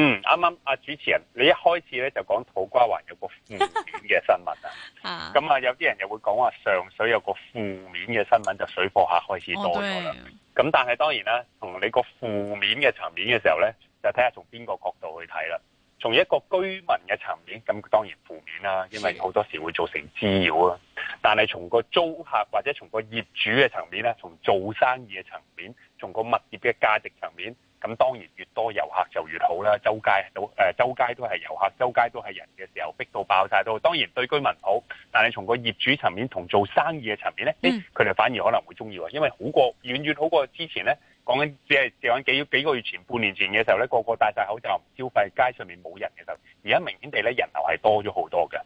嗯，啱啱主持人，你一開始咧就講土瓜灣有個負面嘅新聞啊，咁啊 有啲人又會講話上水有個負面嘅新聞，就水貨客開始多咗啦。咁、哦、但係當然啦，從你個負面嘅層面嘅時候咧，就睇下從邊個角度去睇啦。從一個居民嘅層面，咁當然負面啦，因為好多時會造成滋擾啊。但係從個租客或者從個業主嘅層面咧，從做生意嘅層面，從個物業嘅價值層面。咁當然越多遊客就越好啦，周街都誒周街都係遊客，周街都係人嘅時候，逼到爆晒都，當然對居民好，但係從個業主層面同做生意嘅層面咧，佢哋、嗯、反而可能會鍾意啊，因為好過遠遠好過之前咧，講緊只係講緊幾幾個月前、半年前嘅時候咧，個個戴晒口罩唔消費，街上面冇人嘅時候，而家明顯地咧人流係多咗好多嘅。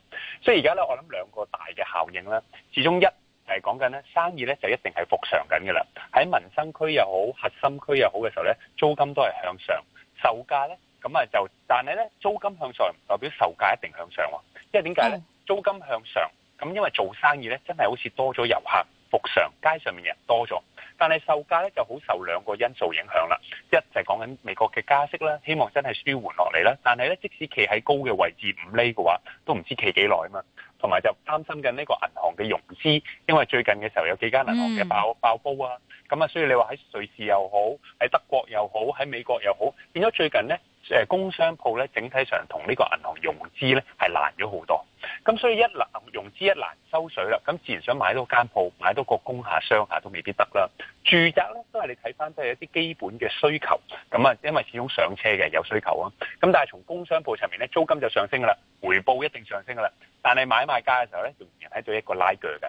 所以而家咧，我諗兩個大嘅效應啦，始終一。係講緊咧生意咧就一定係復常緊嘅啦，喺民生區又好、核心區又好嘅時候咧，租金都係向上，售價咧咁啊就，但係咧租金向上唔代表售價一定向上喎，因為點解咧？嗯、租金向上咁，因為做生意咧真係好似多咗遊客復常，街上面人多咗，但係售價咧就好受兩個因素影響啦，一就係講緊美國嘅加息啦，希望真係舒緩落嚟啦，但係咧即使企喺高嘅位置五厘嘅話，都唔知企幾耐啊嘛。同埋就擔心緊呢個銀行嘅融資，因為最近嘅時候有幾間銀行嘅爆、mm. 爆煲啊，咁啊，所以你話喺瑞士又好，喺德國又好，喺美國又好，變咗最近咧。誒工商鋪咧，整體上同呢個銀行融資咧係難咗好多，咁所以一難融資一難收水啦，咁自然想買多間鋪，買多個工下商下都未必得啦。住宅咧都係你睇翻都係一啲基本嘅需求，咁啊因為始終上車嘅有需求啊，咁但係從工商鋪上面咧租金就上升㗎啦，回報一定上升㗎啦，但係買賣價嘅時候咧仍然喺做一個拉鋸嘅。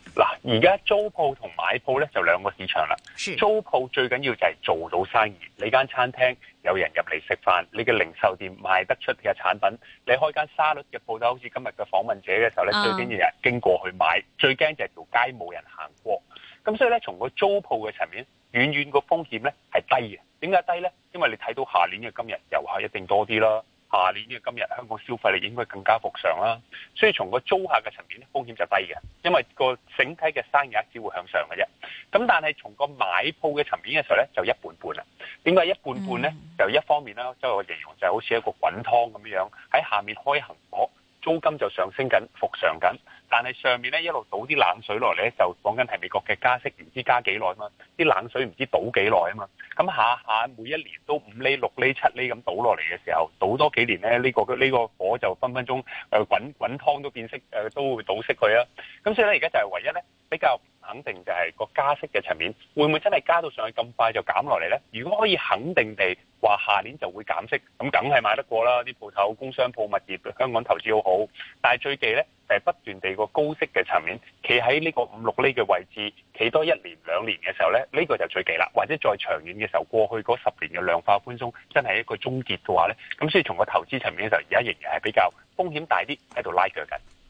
嗱，而家租鋪同買鋪咧就兩個市場啦。租鋪最緊要就係做到生意，你間餐廳有人入嚟食飯，你嘅零售店賣得出嘅產品，你開間沙律嘅鋪頭，好似今日嘅訪問者嘅時候咧，啊、最緊要係經過去買，最驚就係條街冇人行過。咁所以咧，從個租鋪嘅層面，遠遠個風險咧係低嘅。點解低咧？因為你睇到下年嘅今日遊客一定多啲啦。下年呢個今日香港消費力應該更加復常啦，所以從個租客嘅層面咧風險就低嘅，因為個整體嘅生意額只會向上嘅啫。咁但係從個買鋪嘅層面嘅時候咧就一半半啦。點解一半半咧？Mm hmm. 就一方面啦，即係我形容就好似一個滾湯咁樣喺下面開行火。租金就上升緊，復上緊，但係上面咧一路倒啲冷水落嚟咧，就講緊係美國嘅加息，唔知加幾耐啊嘛，啲冷水唔知倒幾耐啊嘛，咁下下每一年都五厘、六厘、七厘咁倒落嚟嘅時候，倒多幾年咧，呢、呢個呢、呢個火就分分鐘誒、呃、滾滾湯都變色，呃、都會倒熄佢啊！咁所以咧，而家就係唯一咧比較。肯定就係個加息嘅層面，會唔會真係加到上去咁快就減落嚟呢？如果可以肯定地話，下年就會減息，咁梗係買得過啦！啲鋪頭、工商鋪、物業，香港投資好好。但係最忌呢就誒係不斷地個高息嘅層面企喺呢個五六厘嘅位置，企多一年兩年嘅時候呢，呢，呢個就最忌啦。或者再長遠嘅時候，過去嗰十年嘅量化寬鬆真係一個終結嘅話呢。咁所以從個投資層面嘅時候，而家仍然係比較風險大啲，喺度拉鋸緊。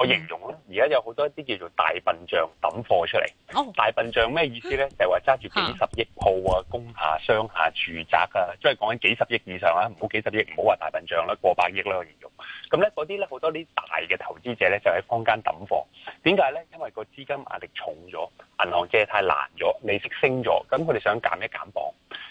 嗯、我形容咧，而家有好多啲叫做大笨象抌貨出嚟。哦、大笨象咩意思咧？就係話揸住幾十億鋪啊、工廈、啊、商廈、住宅啊，即係講緊幾十億以上啊。唔好幾十億，唔好話大笨象啦，過百億啦。我形容咁咧，嗰啲咧好多啲大嘅投資者咧，就喺坊間抌貨。點解咧？因為個資金壓力重咗，銀行借貸難咗，利息升咗，咁佢哋想減一減磅。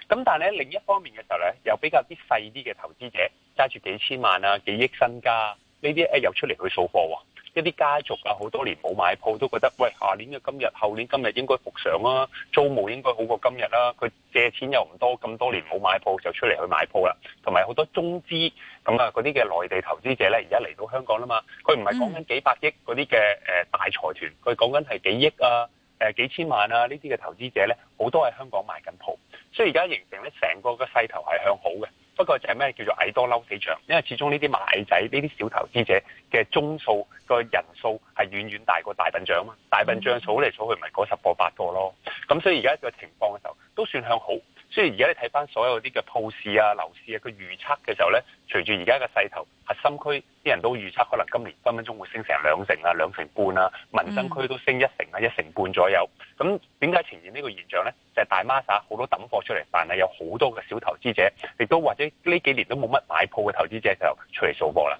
咁但係咧，另一方面嘅時候咧，有比較啲細啲嘅投資者揸住幾千萬啊、幾億身家呢啲又出嚟去掃貨喎、啊。一啲家族啊，好多年冇買鋪，都覺得喂，下年嘅今日、後年今日應該復常啊，租務應該好過今日啦、啊。佢借錢又唔多，咁多年冇買鋪就出嚟去買鋪啦。同埋好多中資咁啊，嗰啲嘅內地投資者咧，而家嚟到香港啦嘛，佢唔係講緊幾百億嗰啲嘅誒大財團，佢講緊係幾億啊、誒幾千萬啊呢啲嘅投資者咧，好多喺香港買緊鋪，所以而家形成咧成個嘅勢頭係向好嘅。不過就係咩叫做矮多嬲死象，因為始終呢啲買仔呢啲小投資者嘅宗數個人數係遠遠大過大笨象嘛，大笨象數嚟數去咪嗰十個八個咯，咁所以而家個情況嘅時候都算向好。所以而家你睇翻所有啲嘅鋪市啊、樓市啊，佢預測嘅時候咧，隨住而家嘅勢頭，核心區啲人都預測可能今年分分鐘會升成兩成啊、兩成半啊，民生區都升一成啊、一成半左右。咁點解呈現呢個現象咧？就係、是、大 m a 好多等貨出嚟，但係有好多嘅小投資者，亦都或者呢幾年都冇乜買鋪嘅投資者就出嚟掃貨啦。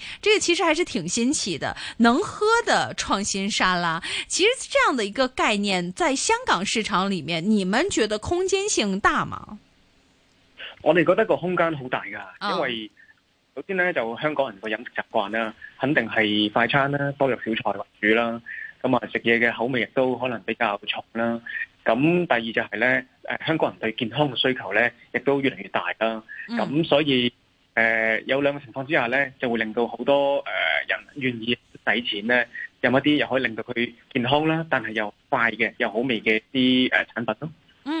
這個其實還是挺新奇的，能喝的創新沙拉。其實這樣的一個概念，在香港市場裏面，你們覺得空間性大嗎？我哋覺得個空間好大㗎，因為、嗯、首先呢，就香港人個飲食習慣啦，肯定係快餐啦、多肉小菜為主啦。咁啊，食嘢嘅口味亦都可能比較重啦。咁第二就係咧，誒、呃，香港人對健康嘅需求咧，亦都越嚟越大啦。咁所以。嗯誒、呃，有兩個情況之下咧，就會令到好多誒、呃、人願意使錢咧，飲一啲又可以令到佢健康啦，但係又快嘅又好味嘅啲誒產品咯。嗯。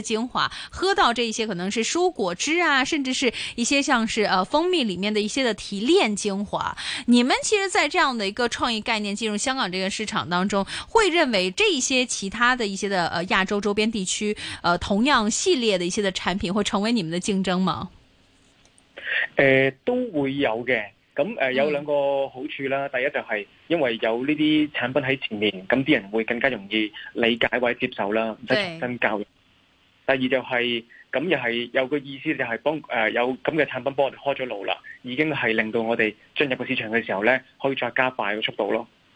精華喝，到這一些可能是蔬果汁啊，甚至是一些像是呃蜂蜜裏面的一些的提煉精華。你們其實，在這樣的一個創意概念進入香港這個市場當中，會認為這一些其他的一些的呃亞洲周邊地區呃同樣系列的一些的產品會成為你們的競爭嗎？誒、呃，都會有嘅。咁誒、呃、有兩個好處啦，嗯、第一就係因為有呢啲產品喺前面，咁啲人會更加容易理解或者接受啦，唔使重新教育。第二就係、是、咁，又係有個意思就，就係幫誒有咁嘅產品幫我哋開咗路啦，已經係令到我哋進入個市場嘅時候咧，可以再加快個速度咯。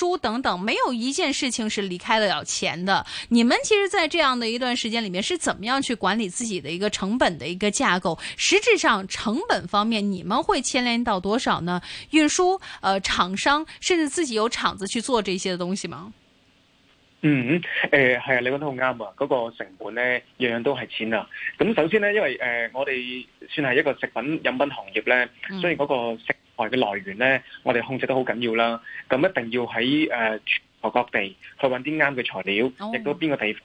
書等等，沒有一件事情是離開了錢的。你們其實，在這樣的一段時間裏面，是怎麼樣去管理自己的一個成本的一個架構？實質上，成本方面，你們會牽連到多少呢？運輸，呃，廠商，甚至自己有廠子去做這些東西嗎？嗯，誒、嗯，係啊，你覺得好啱啊。嗰個成本呢，樣樣都係錢啊。咁首先呢，因為誒，我哋算係一個食品飲品行業呢，所以嗰個食。嘅來源呢，我哋控制得好緊要啦。咁一定要喺誒全國各地去揾啲啱嘅材料，亦都邊個地方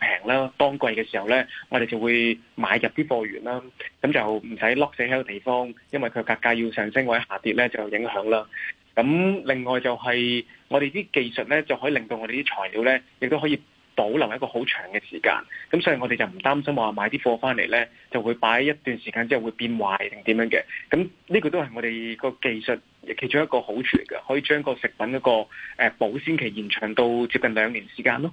平啦。當季嘅時候呢，我哋就會買入啲貨源啦。咁就唔使 lock 死喺個地方，因為佢價格要上升或者下跌呢就有影響啦。咁另外就係我哋啲技術呢，就可以令到我哋啲材料呢亦都可以。保留一個好長嘅時間，咁所以我哋就唔擔心話買啲貨翻嚟呢就會擺一段時間之後會變壞定點樣嘅。咁呢個都係我哋個技術其中一個好處嚟嘅，可以將個食品嗰個保鮮期延長到接近兩年時間咯。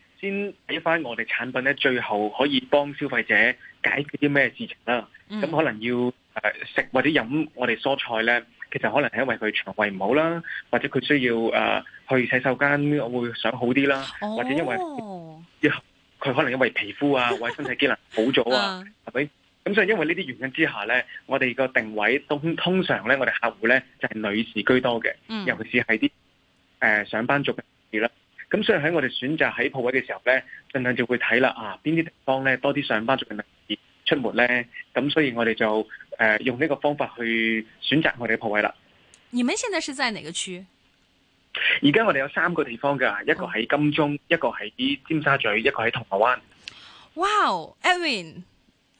先睇翻我哋產品咧，最後可以幫消費者解決啲咩事情啦？咁、嗯、可能要食、呃、或者飲我哋蔬菜咧，其實可能係因為佢腸胃唔好啦，或者佢需要誒、呃、去洗手間，我會想好啲啦，哦、或者因為佢可能因為皮膚啊或者身體機能好咗啊，係咪、 嗯？咁所以因為呢啲原因之下咧，我哋個定位通通常咧，我哋客戶咧就係、是、女士居多嘅，尤其是係啲誒上班族嘅啦。咁、嗯、所以喺我哋選擇喺鋪位嘅時候咧，盡量就會睇啦啊，邊啲地方咧多啲上班族嘅人出沒咧，咁、嗯、所以我哋就誒、呃、用呢個方法去選擇我哋嘅鋪位啦。你們現在是在哪個區？而家我哋有三個地方噶，一個喺金鐘，一個喺尖沙咀，一個喺銅鑼灣。Wow，Edwin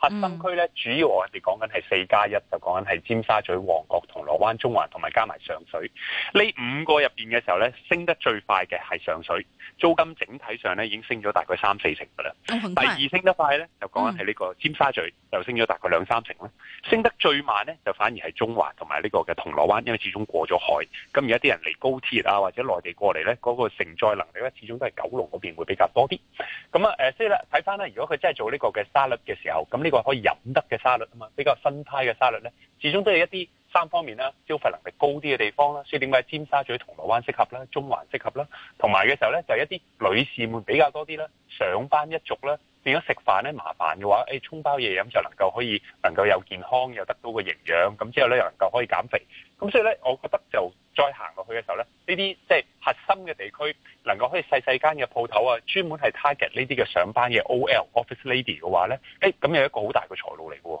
核心區咧，主要我哋講緊係四加一，1，就講緊係尖沙咀、旺角、銅鑼灣、中環同埋加埋上，上水呢五個入面嘅時候咧，升得最快嘅係上水，租金整體上咧已經升咗大概三四成㗎啦。嗯、第二升得快咧，就講緊係呢個尖沙咀，嗯、就升咗大概兩三成啦。升得最慢咧，就反而係中環同埋呢個嘅銅鑼灣，因為始終過咗海，咁而家啲人嚟高鐵啊或者內地過嚟咧，嗰、嗰個承載能力咧始終都係九龍嗰邊會比較多啲。咁啊誒，即係睇翻咧，如果佢真係做呢個嘅沙律嘅時候，咁呢個可以飲得嘅沙律啊嘛，比較新派嘅沙律呢，始終都係一啲三方面啦，消費能力高啲嘅地方啦，所以點解尖沙咀、銅鑼灣適合啦，中環適合啦，同埋嘅時候呢，就係、一啲女士會比較多啲啦，上班一族啦，變咗食飯呢，麻煩嘅話，誒、哎、沖包嘢飲就能夠可以能夠有健康又得到個營養，咁之後呢，又能夠可以減肥，咁所以呢，我覺得就。再行落去嘅時候咧，呢啲即係核心嘅地區，能夠可以細細間嘅鋪頭啊，專門係 target 呢啲嘅上班嘅 OL、mm hmm. office lady 嘅話咧，誒咁有一個好大嘅財路嚟嘅喎。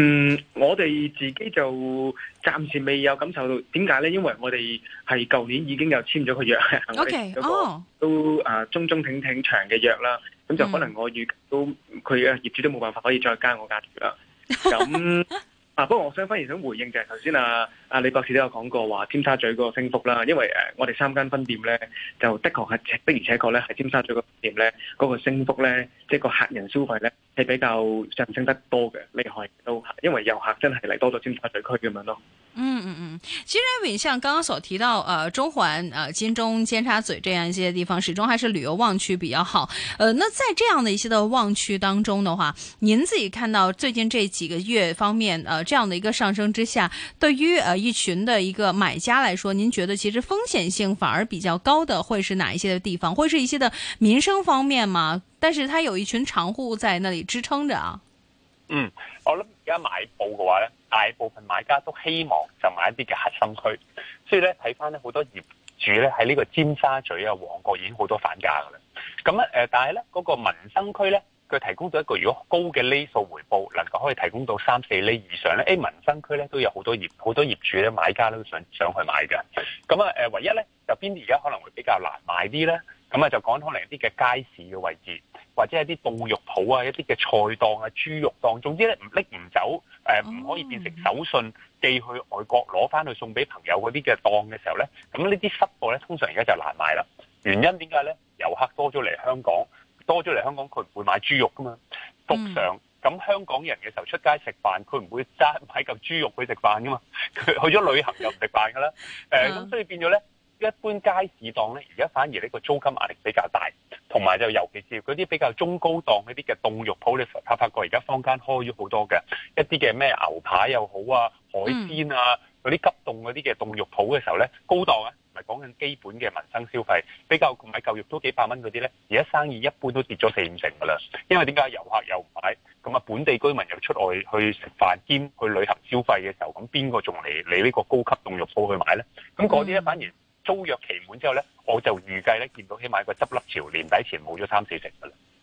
嗯，我哋自己就暫時未有感受到，點解咧？因為我哋係舊年已經有簽咗個約，有個 Okay .、oh. 都中中挺挺長嘅約啦，咁就可能我預都，佢啊、mm. 業主都冇辦法可以再加我價住啦。咁 啊，不過我想反而想回應就係頭先啊。阿李博士都有講過話尖沙咀嗰個升幅啦，因為誒我哋三間分店咧，就的確係的而且確咧係尖沙咀個店咧嗰、那個升幅咧，即係個客人消費咧係比較上升得多嘅，厲害到，因為遊客真係嚟多咗尖沙咀區咁樣咯。嗯嗯嗯，其實，嗯、像剛剛所提到誒、呃、中環誒、呃、金鐘尖沙咀這樣一些地方，始終還是旅遊旺區比較好。誒、呃，那在這樣的一些的旺區當中的話，您自己看到最近這幾個月方面呃，這樣的一個上升之下，對於誒，呃一群的一個買家來說，您覺得其實風險性反而比較高的會是哪一些的地方，會是一些的民生方面嘛？但是，他有一群長戶在那裏支撐着啊。嗯，我諗而家買鋪嘅話咧，大部分買家都希望就買一啲嘅核心區，所以咧睇翻咧好多業主咧喺呢個尖沙咀啊、旺角已經好多反價噶啦。咁啊誒，但係咧嗰個民生區咧。佢提供咗一個如果高嘅厘數回報，能夠可以提供到三四厘以上咧，誒、哎、民生區咧都有好多業好多業主咧買家都想想去買嘅。咁啊誒，唯一咧就邊啲而家可能會比較難買啲咧？咁啊就講可能一啲嘅街市嘅位置，或者係啲凍肉鋪啊、一啲嘅菜檔啊、豬肉檔，總之咧唔拎唔走，誒、呃、唔可以變成手信寄去外國攞翻去送俾朋友嗰啲嘅檔嘅時候咧，咁呢啲濕貨咧通常而家就難買啦。原因點解咧？遊客多咗嚟香港。香港佢唔會買豬肉噶嘛，復常咁香港人嘅時候出街食飯，佢唔會揸買嚿豬肉去食飯噶嘛，佢去咗旅行又唔食飯噶啦。咁、嗯呃、所以變咗咧，一般街市檔咧，而家反而呢個租金壓力比較大，同埋就尤其是嗰啲比較中高檔嗰啲嘅凍肉鋪，你發發覺而家坊間開咗好多嘅一啲嘅咩牛排又好啊，海鮮啊。嗯嗰啲急凍嗰啲嘅凍肉鋪嘅時候咧，高檔啊，唔係講緊基本嘅民生消費，比較買嚿肉都幾百蚊嗰啲咧，而家生意一般都跌咗四五成㗎喇。因為點解遊客又唔買，咁啊本地居民又出外去食飯兼去旅行消費嘅時候，咁邊個仲嚟你呢個高級凍肉鋪去買咧？咁嗰啲咧反而租約期滿之後咧，我就預計咧見到起碼一個執笠潮，年底前冇咗三四成㗎喇。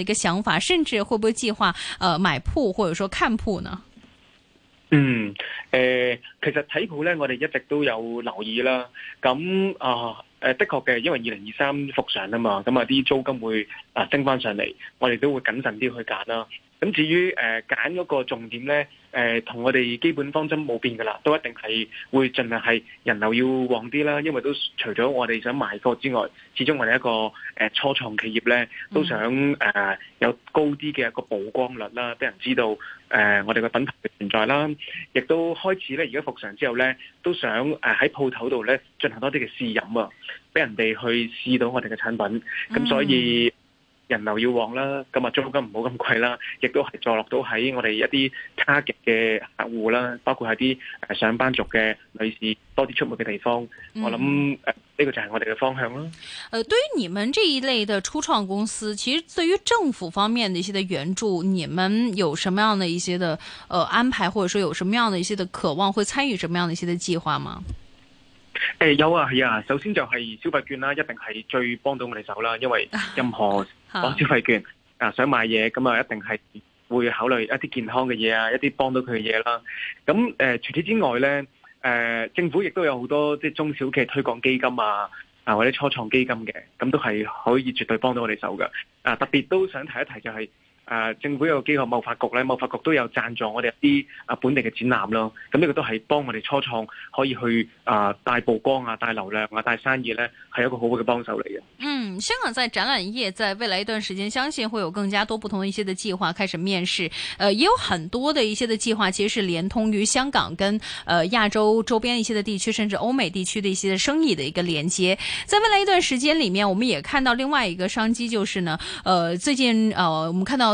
一個想法，甚至會不會計劃，呃，買鋪或者說看鋪呢？嗯，誒、呃，其實睇鋪咧，我哋一直都有留意啦。咁、嗯、啊，誒、呃，的確嘅，因為二零二三復常啊嘛，咁啊啲租金會啊升翻上嚟，我哋都會謹慎啲去揀啦。咁至於誒揀嗰個重點咧，誒、呃、同我哋基本方針冇變噶啦，都一定係會盡量係人流要旺啲啦，因為都除咗我哋想賣貨之外，始終我哋一個誒、呃、初創企業咧，都想誒、呃、有高啲嘅一個曝光率啦，俾人知道誒、呃、我哋嘅品牌存在啦，亦都開始咧而家復常之後咧，都想誒喺鋪頭度咧進行多啲嘅試飲啊，俾人哋去試到我哋嘅產品，咁所以，嗯人流要旺啦，今日租金唔好咁貴啦，亦都係坐落到喺我哋一啲 target 嘅客戶啦，包括係啲誒上班族嘅女士多啲出沒嘅地方，我諗誒呢個就係我哋嘅方向啦。誒、呃，對於你們這一類的初創公司，其實對於政府方面的一些的援助，你們有什麼樣的一些的誒、呃、安排，或者說有什麼樣的一些的渴望，會參與什麼樣的一些的計劃嗎？誒、呃，有啊，係啊，首先就係消費券啦，一定係最幫到我哋手啦，因為任何。 消費券啊，想買嘢咁啊，就一定係會考慮一啲健康嘅嘢啊，一啲幫到佢嘅嘢啦。咁誒、呃、除此之外咧，誒、呃、政府亦都有好多即係中小企推廣基金啊，啊或者初創基金嘅，咁都係可以絕對幫到我哋手嘅。啊，特別都想提一提就係、是。政府有機構，貿發局咧，貿發局都有贊助我哋一啲啊本地嘅展覽咯。咁呢個都係幫我哋初創可以去啊大曝光啊、大流量啊、大生意呢係一個好好嘅幫手嚟嘅。嗯，香港在展覽業，在未來一段時間，相信會有更加多不同一些的計劃開始面世。呃，也有很多的一些嘅計劃，其實是連通於香港跟誒亞洲周邊一些的地區，甚至歐美地區的一些的生意嘅一個連接。在未來一段時間裏面，我們也看到另外一個商機，就是呢，呃最近呃我們看到。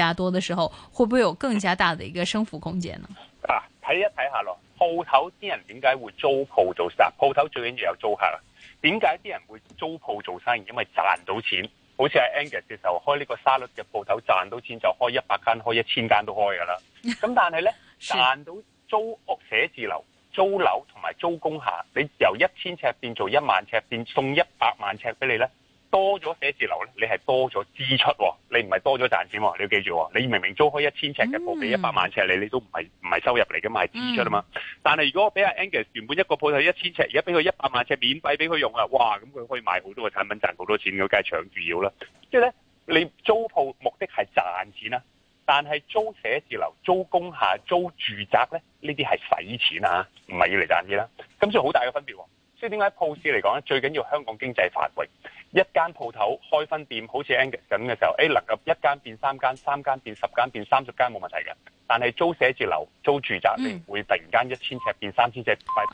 加多的時候，會不會有更加大的一個升幅空間呢？啊，睇一睇下咯，鋪頭啲人點解會租鋪做生意？鋪頭最緊要有租客啦。點解啲人會租鋪做生意？因為賺到錢，好似喺 Angus 嘅時候開呢個沙律嘅鋪頭賺到錢就開一百間，開一千間都開噶啦。咁但係呢賺 是到租屋寫字樓、租樓同埋租工廈，你由一千尺變做一萬尺，變送一百萬尺俾你呢多咗寫字樓咧，你係多咗支出，你唔係多咗賺錢喎。你要記住，你明明租開一千尺嘅鋪俾一百萬尺你，你都唔係唔係收入嚟嘅嘛，係支出啊嘛。但係如果我俾阿 Angus 原本一個鋪頭一千尺，而家俾佢一百萬尺免費俾佢用啊，哇！咁佢可以買好多個產品，賺好多錢嘅，梗係搶住要啦。即係咧，你租鋪目的係賺錢啦，但係租寫字樓、租工廈、租住宅咧，呢啲係使錢啊，唔係要嚟賺錢啦。咁所以好大嘅分別喎。即係點解鋪市嚟講咧，最緊要香港經濟繁榮，一間鋪頭開分店，好似 Angus 咁嘅時候誒，能夠一間變三間，三間變十間，變三十間，冇問題嘅。但係租寫字樓、租住宅，會突然間一千尺變三千尺。